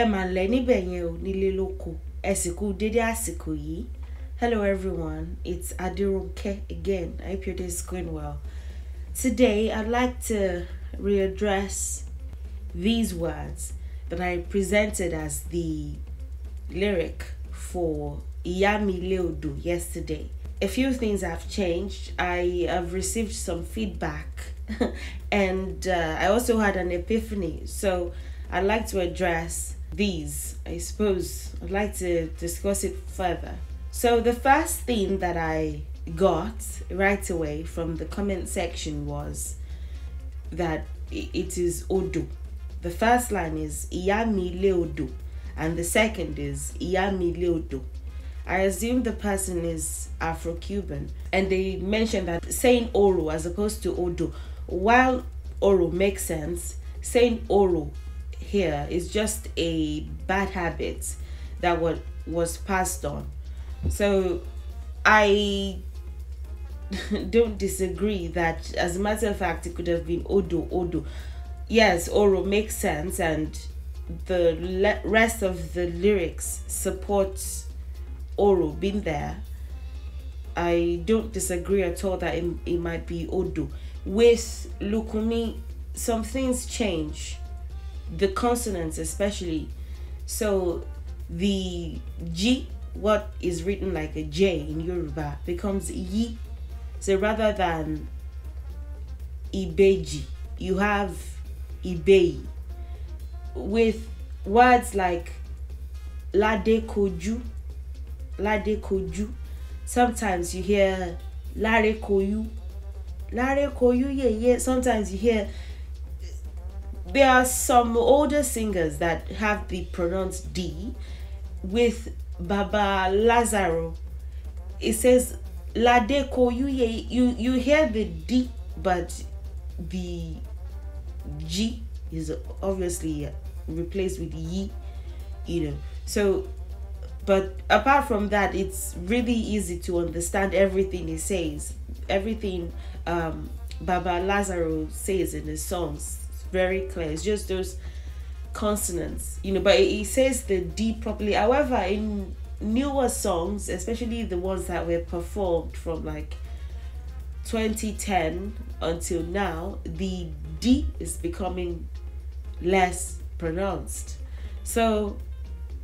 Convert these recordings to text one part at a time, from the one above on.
ẹ mà lẹ̀ níbẹ̀ yẹn o nílé lóko ẹ sì kú dédé àsìkò yìí hello everyone it's Adirunke again I hope your day is going well today I'd like to readdress these words that I presented as the lyric for Iyami Leodu yesterday. A few things have changed. I have received some feedback and uh, I also had an epiphany. So I'd like to address these, I suppose. I'd like to discuss it further. So, the first thing that I got right away from the comment section was that it is Odo. The first line is Iyami Leodo, and the second is Iyami Leodo. I assume the person is Afro Cuban, and they mentioned that saying Oro as opposed to Odo, while Oro makes sense, saying Oro here is just a bad habit that was was passed on so i don't disagree that as a matter of fact it could have been odo odo yes oro makes sense and the rest of the lyrics supports oro being there i don't disagree at all that it, it might be odo with lukumi some things change the consonants especially. So the G, what is written like a J in Yoruba, becomes yi. So rather than ibeji, you have ibei. With words like lade koju, lade koju, sometimes you hear lare koyu, lare koyu, yeah, yeah, sometimes you hear there are some older singers that have the pronounced D with Baba Lazaro. It says Ladeko you you you hear the D but the G is obviously replaced with Y, you know. So but apart from that it's really easy to understand everything he says everything um, baba lazaro says in his songs very clear. It's just those consonants, you know, but it, says the D properly. However, in newer songs, especially the ones that were performed from like 2010 until now, the D is becoming less pronounced. So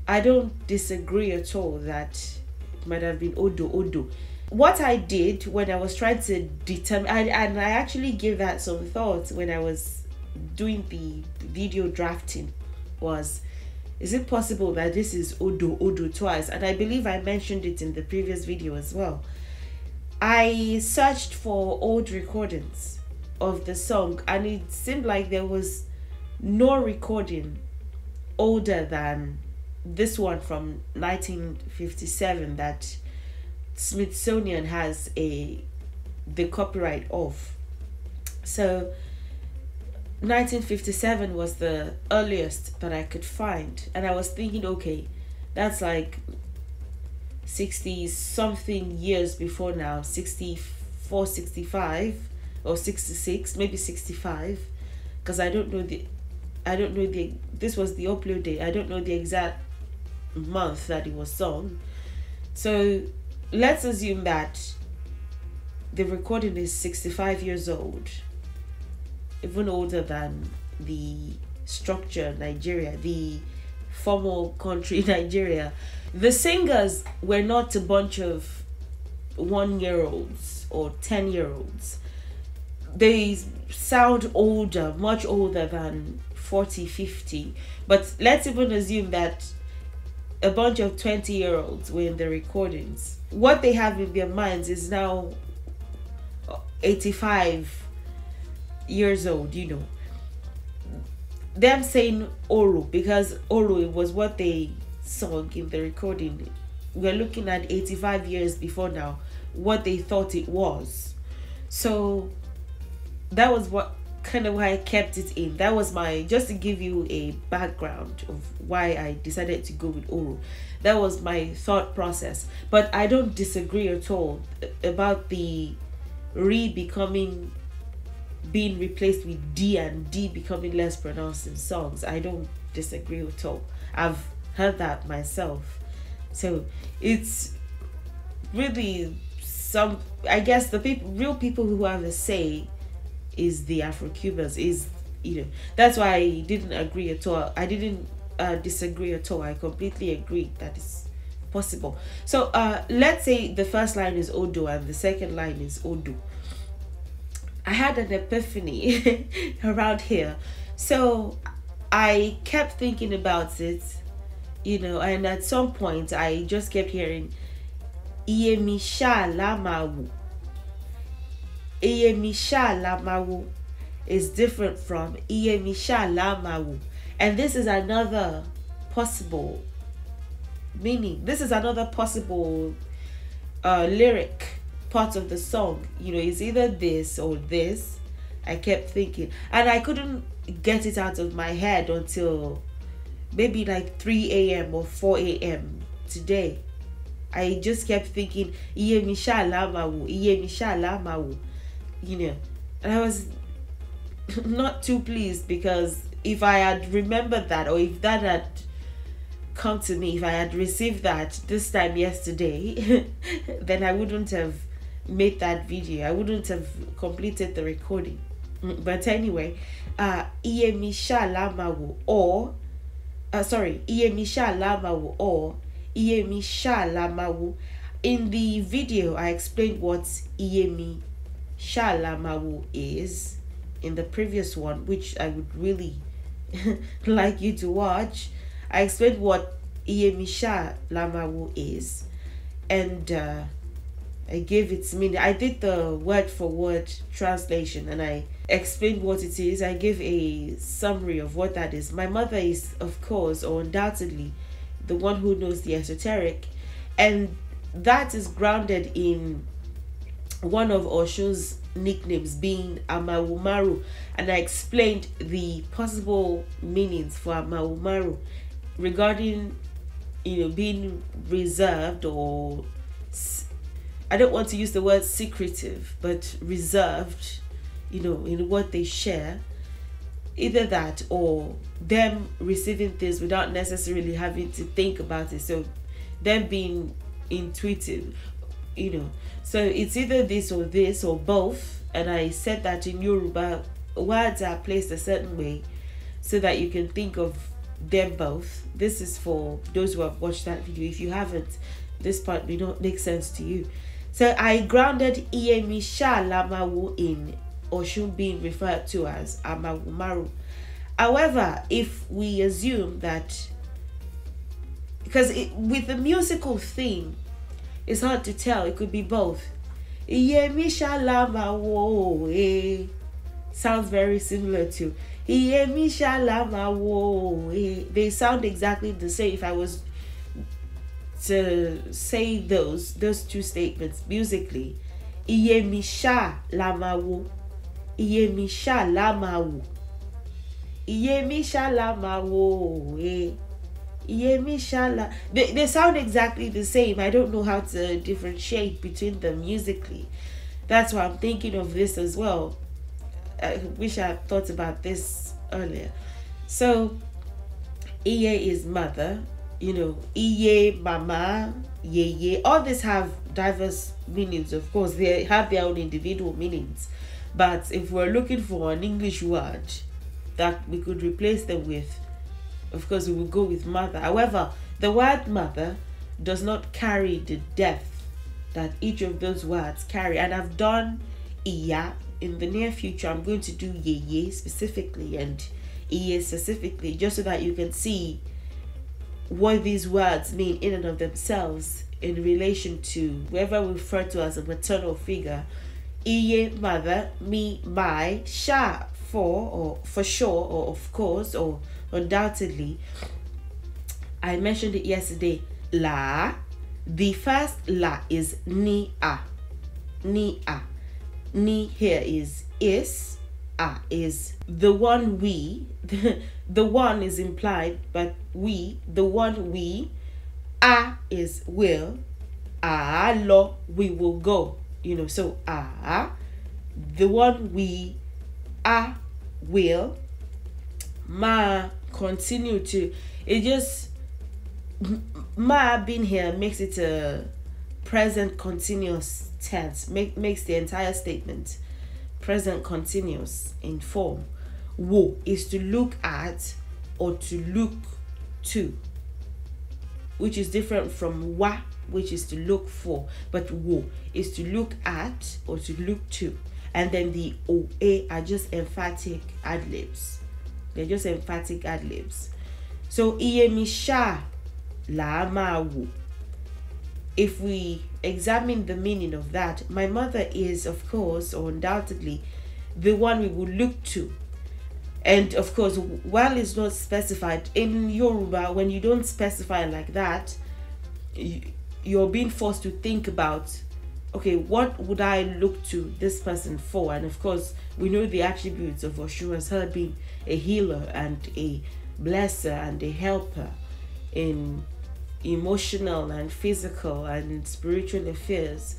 I don't disagree at all that it might have been Odo Odo. What I did when I was trying to determine, and, and I actually gave that some thought when I was doing the video drafting was is it possible that this is odo odo twice and i believe i mentioned it in the previous video as well i searched for old recordings of the song and it seemed like there was no recording older than this one from 1957 that smithsonian has a the copyright of so 1957 was the earliest that I could find, and I was thinking, okay, that's like 60 something years before now, 64, 65, or 66, maybe 65, because I don't know the, I don't know the, this was the upload day, I don't know the exact month that it was sung. So let's assume that the recording is 65 years old even older than the structure Nigeria, the formal country Nigeria. The singers were not a bunch of one year olds or 10 year olds. They sound older, much older than 40, 50. But let's even assume that a bunch of 20 year olds were in the recordings. What they have in their minds is now 85 years old, you know. Them saying Oro because Oro was what they sung in the recording. We're looking at 85 years before now, what they thought it was. So that was what kind of why I kept it in. That was my just to give you a background of why I decided to go with Oro. That was my thought process. But I don't disagree at all about the re becoming being replaced with D and D becoming less pronounced in songs. I don't disagree at all. I've heard that myself. So it's really some I guess the people real people who have a say is the Afro Cubans is you know that's why I didn't agree at all. I didn't uh, disagree at all. I completely agree that it's possible. So uh, let's say the first line is Odo and the second line is Odo. I had an epiphany around here. So I kept thinking about it, you know, and at some point I just kept hearing Iyemisha Lamawu. Iyemisha Lamawu is different from Iyemisha Lamawu. And this is another possible meaning. This is another possible uh, lyric parts of the song. You know, it's either this or this. I kept thinking, and I couldn't get it out of my head until maybe like 3 a.m. or 4 a.m. today. I just kept thinking, Iye Misha'Alamawu, Iye Misha'Alamawu, you know. And I was not too pleased because if I had remembered that or if that had come to me, if I had received that this time yesterday, then I wouldn't have made that video. I wouldn't have completed the recording. Mm, but anyway, uh Iyemi or uh, sorry, Iyemi Shalamawu or Iyemi Shalamawu. In the video, I explained what Iyemi Shalamawu is in the previous one, which I would really like you to watch. I explained what Iyemi Shalamawu is and uh, I gave its meaning. I did the word for word translation and I explained what it is. I gave a summary of what that is. My mother is, of course, or undoubtedly, the one who knows the esoteric. And that is grounded in one of Osho's nicknames being Amawumaru. And I explained the possible meanings for Amawumaru regarding, you know, being reserved or I don't want to use the word secretive, but reserved, you know, in what they share. Either that or them receiving things without necessarily having to think about it. So them being intuitive, you know. So it's either this or this or both. And I said that in Yoruba, words are placed a certain way so that you can think of them both. This is for those who have watched that video. If you haven't, this part may not make sense to you. So I grounded Iyemisha Lamawu in Oshun being referred to as Amawumaru. However, if we assume that, because with the musical theme, it's hard to tell, it could be both. Iyemisha Lamawu eh, sounds very similar to Iyemisha Lamawu. Eh, they sound exactly the same if I was to say those those two statements musically. Iye mi ṣá la wo. Iye mi ṣá la wò. Iye mi ṣá la máa eh. wò. Iye mi ṣá la. They, they sound exactly the same. I don't know how to differentiate between them musically. That's why I'm thinking of this as well. I wish I had thought about this earlier. So, Iye is mother, you know, iye, mama, yeye, all these have diverse meanings, of course, they have their own individual meanings. But if we're looking for an English word that we could replace them with, of course, we will go with mother. However, the word mother does not carry the depth that each of those words carry. And I've done iya in the near future. I'm going to do yeye specifically and iye specifically, just so that you can see what these words mean in and of themselves in relation to whoever we refer to as a maternal figure. Iye, mother, me, my, sha, for, or for sure, or of course, or undoubtedly. I mentioned it yesterday. La, the first la is ni a, ni a. Ni here is is, a is the one we. the one is implied, but we, the one we, a is will, a lo, we will go. You know, so a, the one we, a will, ma continue to. It just, ma being here makes it a present continuous tense, make, makes the entire statement present continuous in form wo is to look at or to look to, which is different from wa, which is to look for, but wo is to look at or to look to. And then the OA are just emphatic adlibs. They're just emphatic adlibs. So iyemisha la wo. If we examine the meaning of that, my mother is, of course, or undoubtedly, the one we would look to and of course while it's not specified in yoruba when you don't specify like that you're being forced to think about okay what would i look to this person for and of course we know the attributes of oshun as her being a healer and a blesser and a helper in emotional and physical and spiritual affairs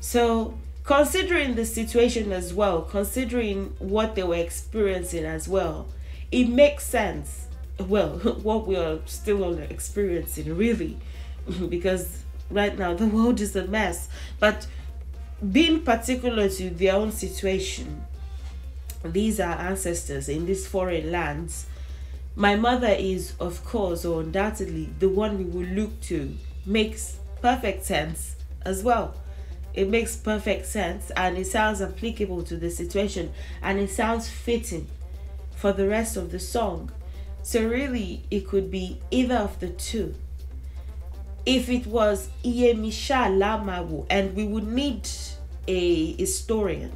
so Considering the situation as well, considering what they were experiencing as well, it makes sense. Well, what we are still experiencing, really, because right now the world is a mess. But being particular to their own situation, these are ancestors in these foreign lands. My mother is, of course, or undoubtedly, the one we will look to. Makes perfect sense as well it makes perfect sense and it sounds applicable to the situation and it sounds fitting for the rest of the song. So, really, it could be either of the two. If it was Iyemisha Lamawu, and we would need a historian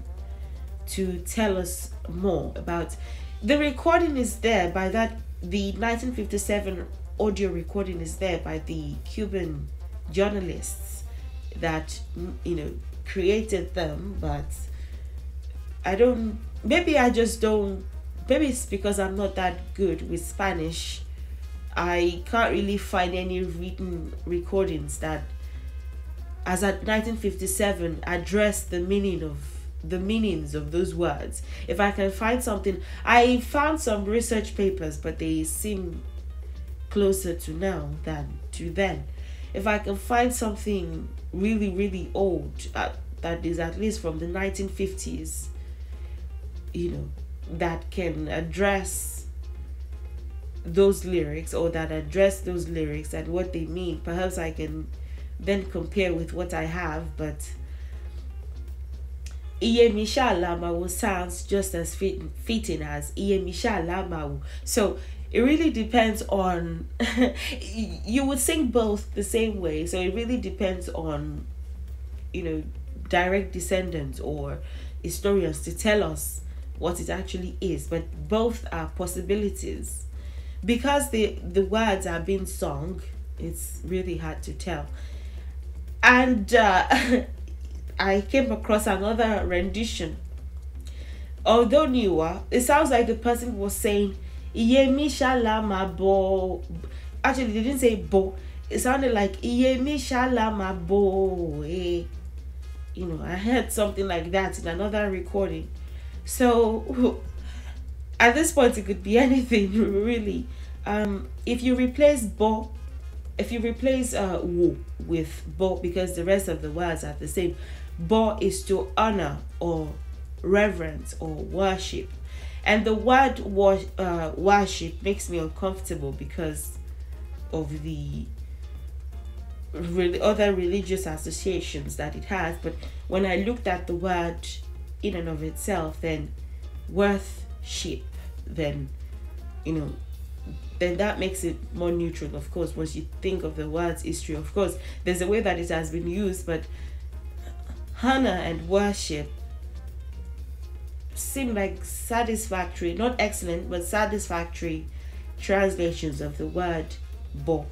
to tell us more about the recording is there by that the 1957 audio recording is there by the Cuban journalist that you know created them but i don't maybe i just don't maybe it's because i'm not that good with spanish i can't really find any written recordings that as at 1957 address the meaning of the meanings of those words if i can find something i found some research papers but they seem closer to now than to then if I can find something really, really old uh, that is at least from the 1950s, you know, that can address those lyrics or that address those lyrics and what they mean, perhaps I can then compare with what I have, but. Iye Misha Lamawu sounds just as fit, fitting as Iye Misha Lamawu. So it really depends on you would sing both the same way so it really depends on you know direct descendants or historians to tell us what it actually is but both are possibilities because the the words are being sung it's really hard to tell and uh, i came across another rendition although newer it sounds like the person was saying Iyemi ma Bo. Actually, they didn't say Bo. It sounded like Iyemi ma Bo. Eh. You know, I heard something like that in another recording. So at this point, it could be anything really. Um, if you replace Bo, if you replace uh, Wo with Bo, because the rest of the words are the same, Bo is to honor or reverence or worship. And the word wor- uh, worship makes me uncomfortable because of the re- other religious associations that it has. But when I looked at the word in and of itself, then worship, then, you know, then that makes it more neutral, of course, once you think of the word's history. Of course, there's a way that it has been used, but honor and worship seem like satisfactory, not excellent, but satisfactory translations of the word bo.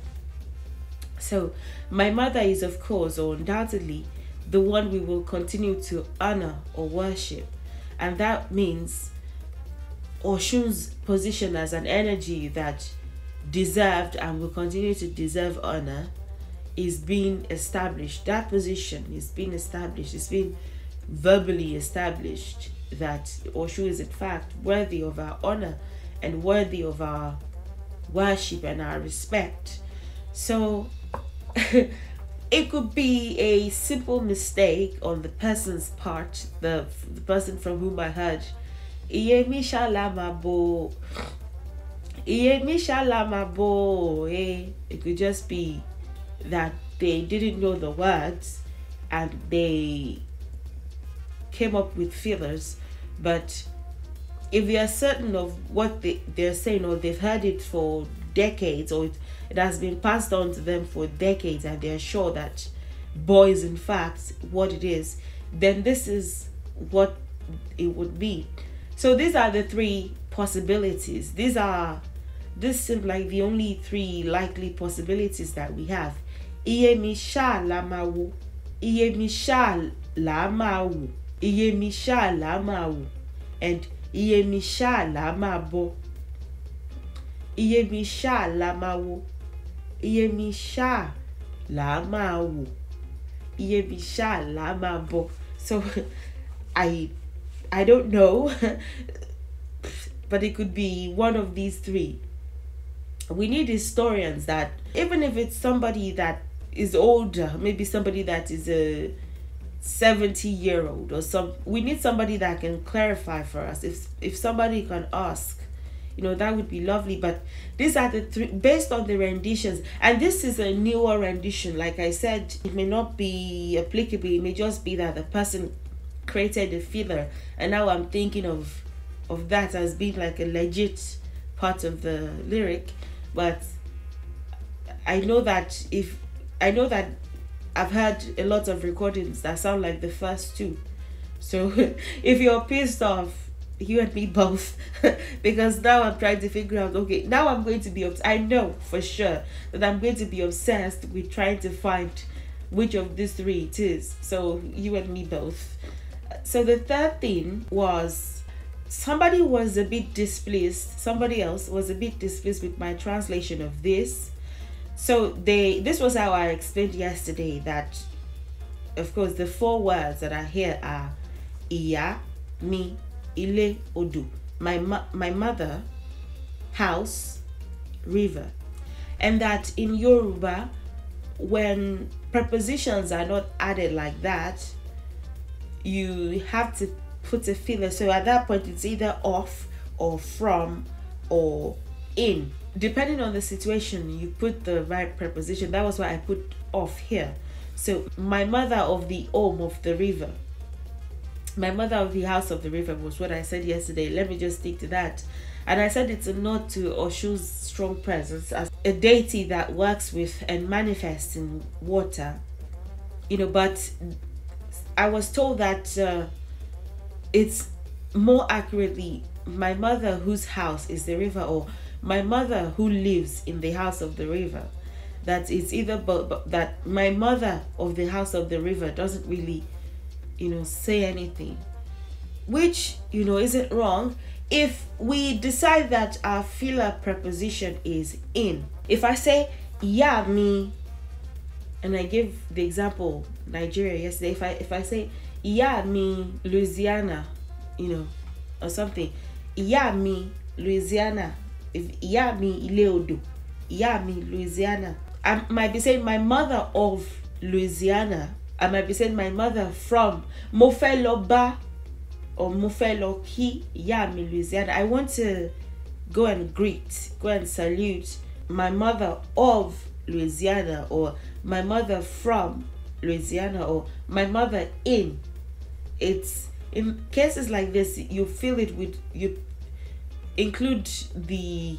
So, my mother is, of course, or undoubtedly, the one we will continue to honor or worship. And that means Oshun's position as an energy that deserved and will continue to deserve honor is being established. That position is being established, it's being verbally established that, or she is in fact worthy of our honor and worthy of our worship and our respect. So it could be a simple mistake on the person's part, the, the person from whom I heard. Eh, it could just be that they didn't know the words and they came up with fillers but if you are certain of what they, they're saying or they've heard it for decades or it, it has been passed on to them for decades and they're sure that boys, in fact what it is, then this is what it would be. So these are the three possibilities. These are this seems like the only three likely possibilities that we have. Iye la la iye mi ṣáà là á máa wò and iye mi ṣáà là á máa bọ iye mi ṣáà là á máa wo iye mi ṣáà là á máa wò iye mi ṣáà là á máa bọ so i i don't know but it could be one of these three we need historians that even if it's somebody that is older maybe somebody that is a 70 year old or some we need somebody that can clarify for us if if somebody can ask you know that would be lovely but these are the three based on the renditions and this is a newer rendition like i said it may not be applicable it may just be that the person created a feather and now i'm thinking of of that as being like a legit part of the lyric but i know that if i know that I've had a lot of recordings that sound like the first two. So if you're pissed off, you and me both. because now I'm trying to figure out okay, now I'm going to be obs- I know for sure that I'm going to be obsessed with trying to find which of these three it is. So you and me both. So the third thing was somebody was a bit displeased, somebody else was a bit displeased with my translation of this so they this was how I explained yesterday that of course the four words that are here are iya, me, ile, odu. My my mother, house, river. And that in Yoruba when prepositions are not added like that, you have to put a filler. So at that point, it's either off or from or in depending on the situation, you put the right preposition. That was why I put off here. So, my mother of the home of the river. My mother of the house of the river was what I said yesterday. Let me just stick to that. And I said it's a nod to Oshu's strong presence as a deity that works with and manifests in water. You know, but I was told that uh, it's more accurately my mother whose house is the river or my mother who lives in the house of the river that it's either but, but that my mother of the house of the river doesn't really you know say anything which you know isn't wrong if we decide that our filler preposition is in if i say yeah me and i give the example nigeria yesterday if i if i say yeah me louisiana you know or something yeah me louisiana ìyá mi ilé odò ìyá mi Louisiana I might be saying my mother of Louisiana I might be saying my mother from mo fẹ́ lọ bá or mo fẹ́ lọ kí ìyá mi Louisiana I want to go and greet go and salute my mother of Louisiana or my mother from Louisiana or my mother in it's in cases like this you feel it with you include the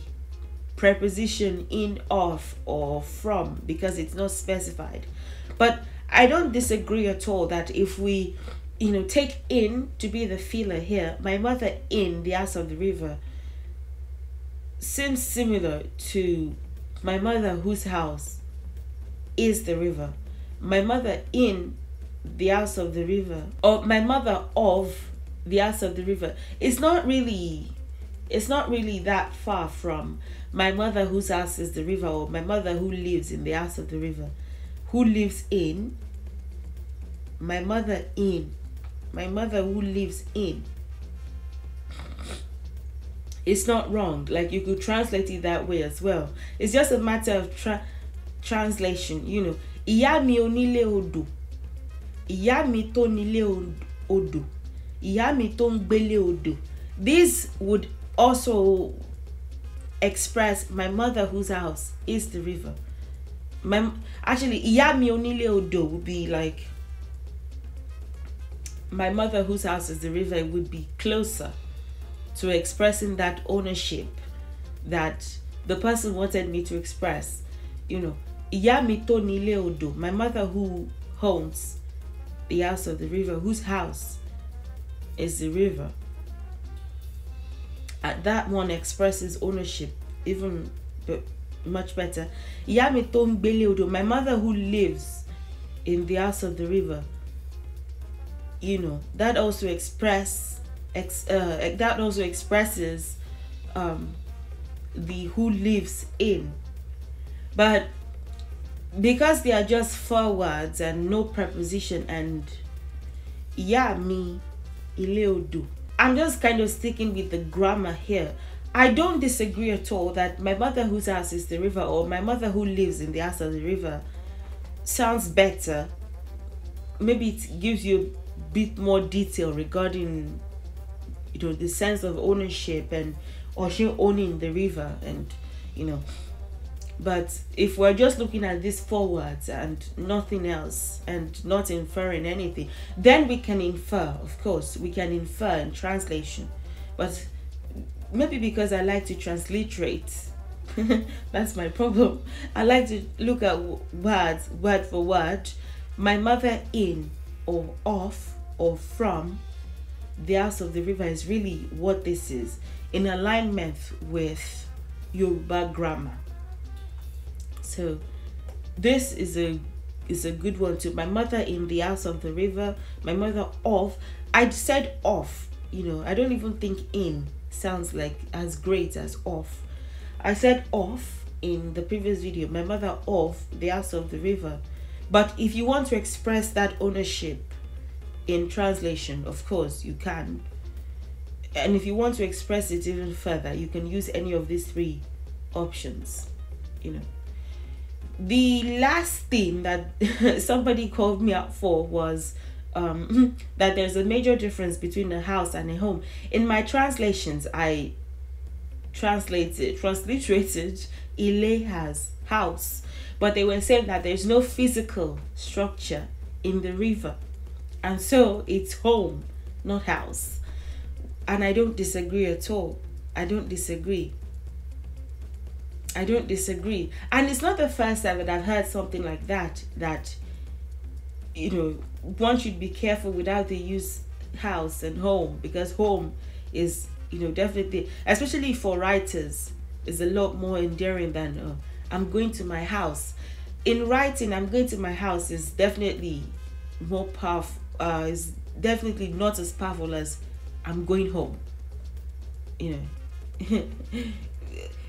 preposition in of or from because it's not specified but i don't disagree at all that if we you know take in to be the feeler here my mother in the ass of the river seems similar to my mother whose house is the river my mother in the house of the river or my mother of the house of the river it's not really it's not really that far from my mother whose house is the river or my mother who lives in the house of the river who lives in my mother in my mother who lives in it's not wrong like you could translate it that way as well it's just a matter of tra translation you know ìyá mi onílé odò ìyá mi tó nílé odò ìyá mi tó odò this would also express my mother whose house is the river my actually mi onile odo would be like my mother whose house is the river would be closer to expressing that ownership that the person wanted me to express you know iyami to nile odo my mother who owns the house of the river whose house is the river that one expresses ownership even much better. Ìyá tó odò, my mother who lives in the house of the river. You know, that also express ex, uh, that also expresses um, the who lives in. But because they are just four words and no preposition and yeah me ile odo I'm just kind of sticking with the grammar here. I don't disagree at all that my mother whose house is the river or my mother who lives in the house of the river sounds better. Maybe it gives you a bit more detail regarding you know the sense of ownership and or she owning the river and you know but if we're just looking at these four words and nothing else and not inferring anything, then we can infer, of course, we can infer in translation. But maybe because I like to transliterate, that's my problem. I like to look at words word for word. My mother in or off or from the house of the river is really what this is in alignment with Yoruba grammar so this is a is a good one too my mother in the house of the river my mother off i said off you know i don't even think in sounds like as great as off i said off in the previous video my mother off the house of the river but if you want to express that ownership in translation of course you can and if you want to express it even further you can use any of these three options you know the last thing that somebody called me up for was um, that there's a major difference between a house and a home. In my translations, I translated, transliterated Ile house, but they were saying that there's no physical structure in the river, and so it's home, not house. And I don't disagree at all. I don't disagree. I don't disagree. And it's not the first time that I've heard something like that, that, you know, one should be careful without the use house and home, because home is, you know, definitely, especially for writers, is a lot more endearing than uh, I'm going to my house. In writing, I'm going to my house is definitely more powerful, uh, is definitely not as powerful as I'm going home. You know.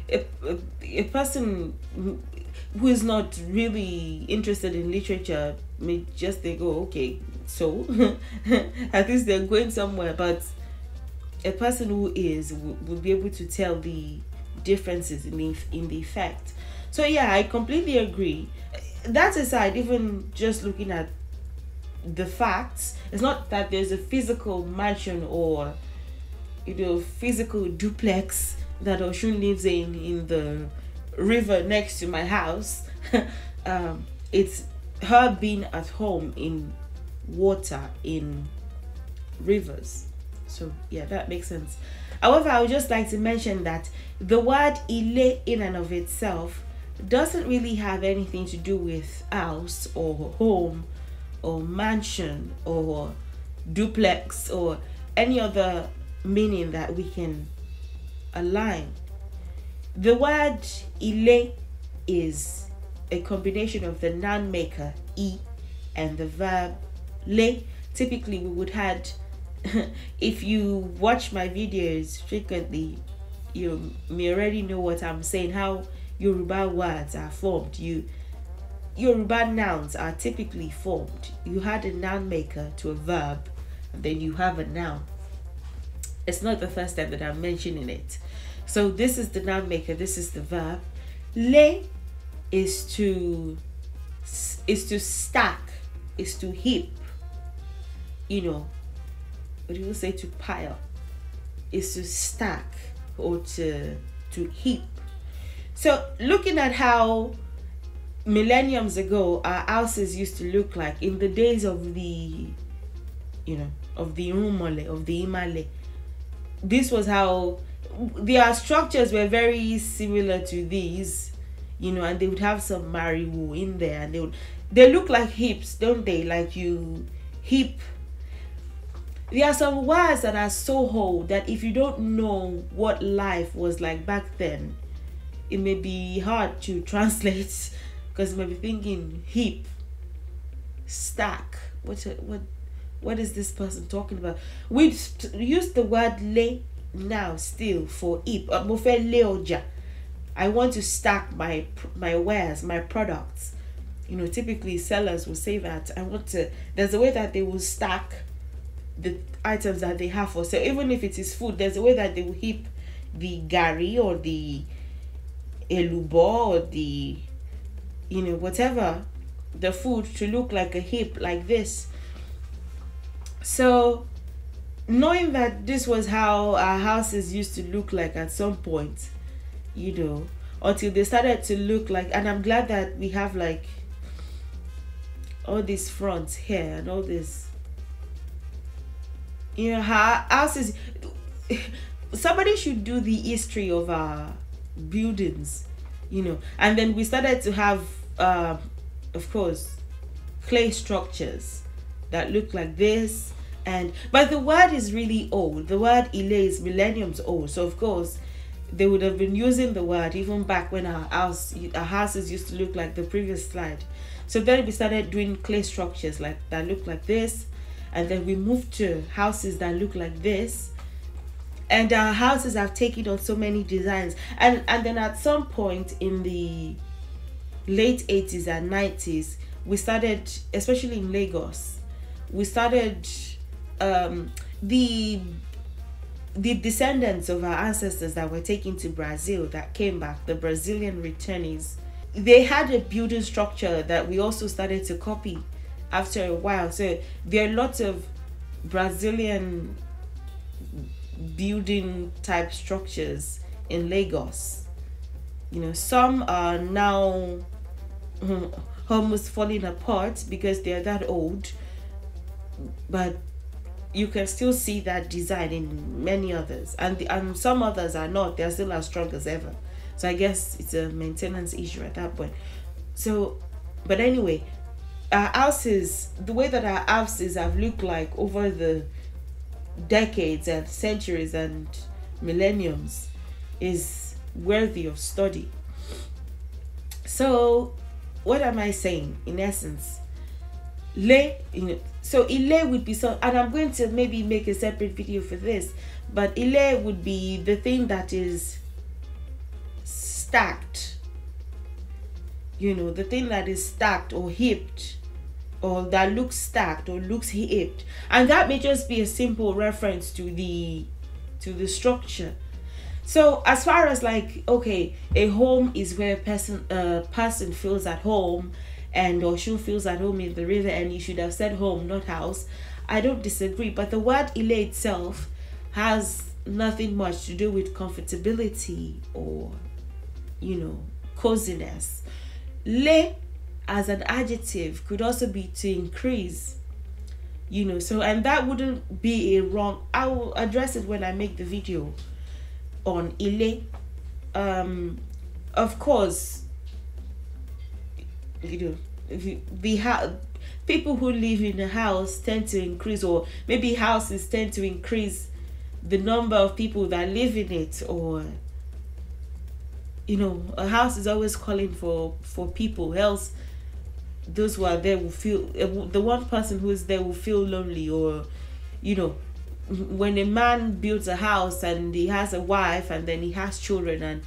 a, a, a person who is not really interested in literature may just think, oh, okay, so at least they're going somewhere. But a person who is will, be able to tell the differences in the, in the effect. So, yeah, I completely agree. That aside, even just looking at the facts, it's not that there's a physical mansion or, you know, physical duplex that Oshun lives in in the river next to my house. um, it's her being at home in water in rivers. So yeah, that makes sense. However, I would just like to mention that the word ile in and of itself doesn't really have anything to do with house or home or mansion or duplex or any other meaning that we can a line. The word ile is a combination of the noun maker e and the verb le. Typically, we would add if you watch my videos frequently, you may already know what I'm saying. How Yoruba words are formed. You Yoruba nouns are typically formed. You had a noun maker to a verb, and then you have a noun. It's not the first time that I'm mentioning it. So this is the noun maker. This is the verb. Le is to is to stack, is to heap. You know, what do you say to pile? Is to stack or to to heap. So looking at how millenniums ago our houses used to look like in the days of the you know of the umole of the imale this was how their structures were very similar to these, you know, and they would have some mariwu in there, and they would they look like hips, don't they? Like you hip. There are some words that are so old that if you don't know what life was like back then, it may be hard to translate because you may be thinking heap, stack. What what what is this person talking about? We use the word lay now still for it. Uh, lé I want to stack my my wares, my products. You know, typically sellers will say that I want to. There's a way that they will stack the items that they have for sale. Even if it is food, there's a way that they will heap the gari or the elubo or the you know whatever the food to look like a heap like this so, knowing that this was how our houses used to look like at some point, you know, until they started to look like, and I'm glad that we have like all these fronts here and all this. You know, our houses. Somebody should do the history of our buildings, you know, and then we started to have, uh, of course, clay structures that look like this and but the word is really old the word elay is millenniums old so of course they would have been using the word even back when our house our houses used to look like the previous slide so then we started doing clay structures like that look like this and then we moved to houses that look like this and our houses have taken on so many designs and and then at some point in the late 80s and 90s we started especially in lagos we started um, the the descendants of our ancestors that were taken to Brazil that came back, the Brazilian returnees, they had a building structure that we also started to copy after a while. So there are lots of Brazilian building type structures in Lagos. You know, some are now almost falling apart because they are that old, but you can still see that design in many others and the, and some others are not they're still as strong as ever so i guess it's a maintenance issue at that point so but anyway our houses the way that our houses have looked like over the decades and centuries and millenniums is worthy of study so what am i saying in essence lay in so ile would be so and i'm going to maybe make a separate video for this but ile would be the thing that is stacked you know the thing that is stacked or heaped or that looks stacked or looks heaped and that may just be a simple reference to the to the structure so as far as like okay a home is where a person a person feels at home and Oshu feels at home in the river and you should have said home, not house. I don't disagree, but the word ile itself has nothing much to do with comfortability or, you know, coziness. Le as an adjective could also be to increase, you know, so and that wouldn't be a wrong. I will address it when I make the video on ile. Um, of course, you know be how people who live in a house tend to increase or maybe houses tend to increase the number of people that live in it or you know a house is always calling for for people else those who are there will feel the one person who is there will feel lonely or you know when a man builds a house and he has a wife and then he has children and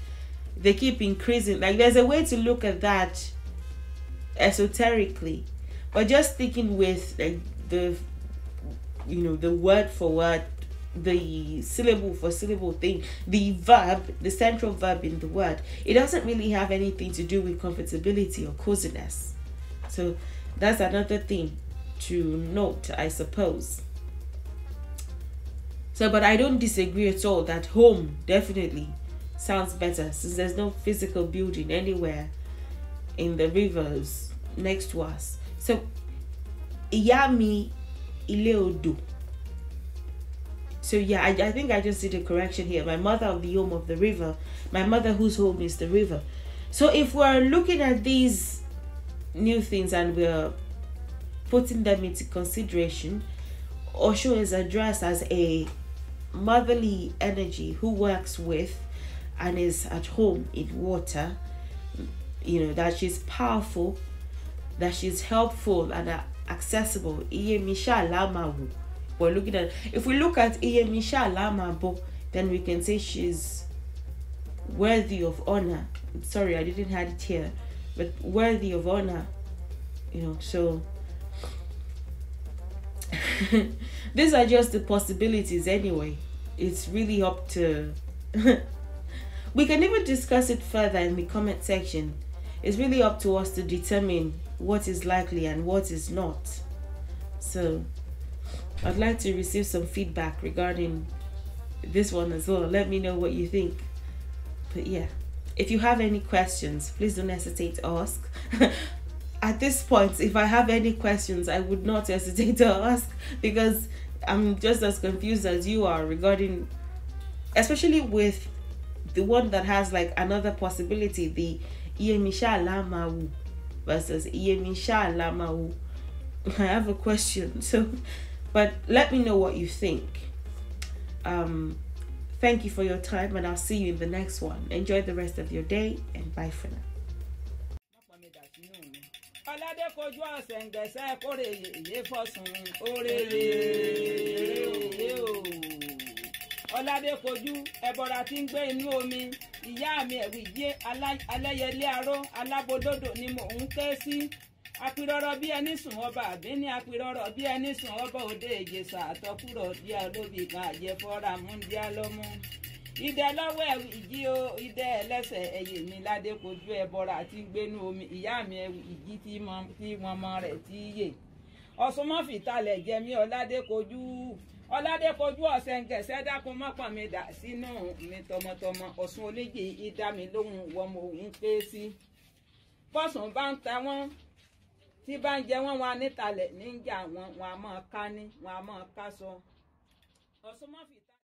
they keep increasing like there's a way to look at that esoterically, but just sticking with like, the you know the word for word the syllable for syllable thing, the verb, the central verb in the word, it doesn't really have anything to do with comfortability or coziness. So that's another thing to note, I suppose. So, but I don't disagree at all that home definitely sounds better since there's no physical building anywhere in the rivers next to us. So, Iyami Ileodu. So yeah, I, I think I just did a correction here. My mother of the home of the river, my mother whose home is the river. So if we're looking at these new things and we're putting them into consideration, Osho is addressed as a motherly energy who works with and is at home in water you know that she's powerful that she's helpful and uh, accessible we're looking at if we look at then we can say she's worthy of honor sorry i didn't have it here but worthy of honor you know so these are just the possibilities anyway it's really up to we can even discuss it further in the comment section it's really up to us to determine what is likely and what is not. So, I'd like to receive some feedback regarding this one as well. Let me know what you think. But yeah, if you have any questions, please don't hesitate to ask. At this point, if I have any questions, I would not hesitate to ask because I'm just as confused as you are regarding, especially with the one that has like another possibility, the Yemi Shalamawu versus Yemi Shalamawu. I have a question, so but let me know what you think. Um, thank you for your time, and I'll see you in the next one. Enjoy the rest of your day, and bye for now. aládé kojú ọ̀sẹ̀ǹgẹ̀sẹ̀ kórè yèyé fọ̀sùn òrè yèyé o. ọládé kojú ẹbọra tí gbé inú omi ìyá mi ẹ̀wìjẹ́ alẹ́yẹlé aró alábòdòdò ni mò ń ké sí apirọrọ bí ẹni sùn ọba àbí ní apirọrọ bí ẹni sùn ọba òde ìjẹsà àtọkùrọ díà olóbì kan àjẹfọra múndíá lọmú idẹ lọ́wọ́ ẹwì ìjì o idẹ ẹlẹ́sẹ̀ ẹyẹ mi ládé kojú ẹbọra àti gbénú omi ìyá mi ẹwì ìjì tí wọn rẹ tí yè ọsùnmọfì talẹ jẹmí ọládé kojú ọládẹ́fojú ọ̀sẹ̀ǹgẹ̀ sẹ́dákun mọ́pọ̀n mi dà sínú mi tọmọtọmọ ọ̀sùn oníjì ìdá mi lóhùn wọmọ òun pé sí bọ́sùn bá ń ta wọ́n tí bá ń jẹ wọ́n wọn nítalẹ̀ níjà wọn wọn a máa ká ní wọn a máa ká sọ. ọ̀sùn má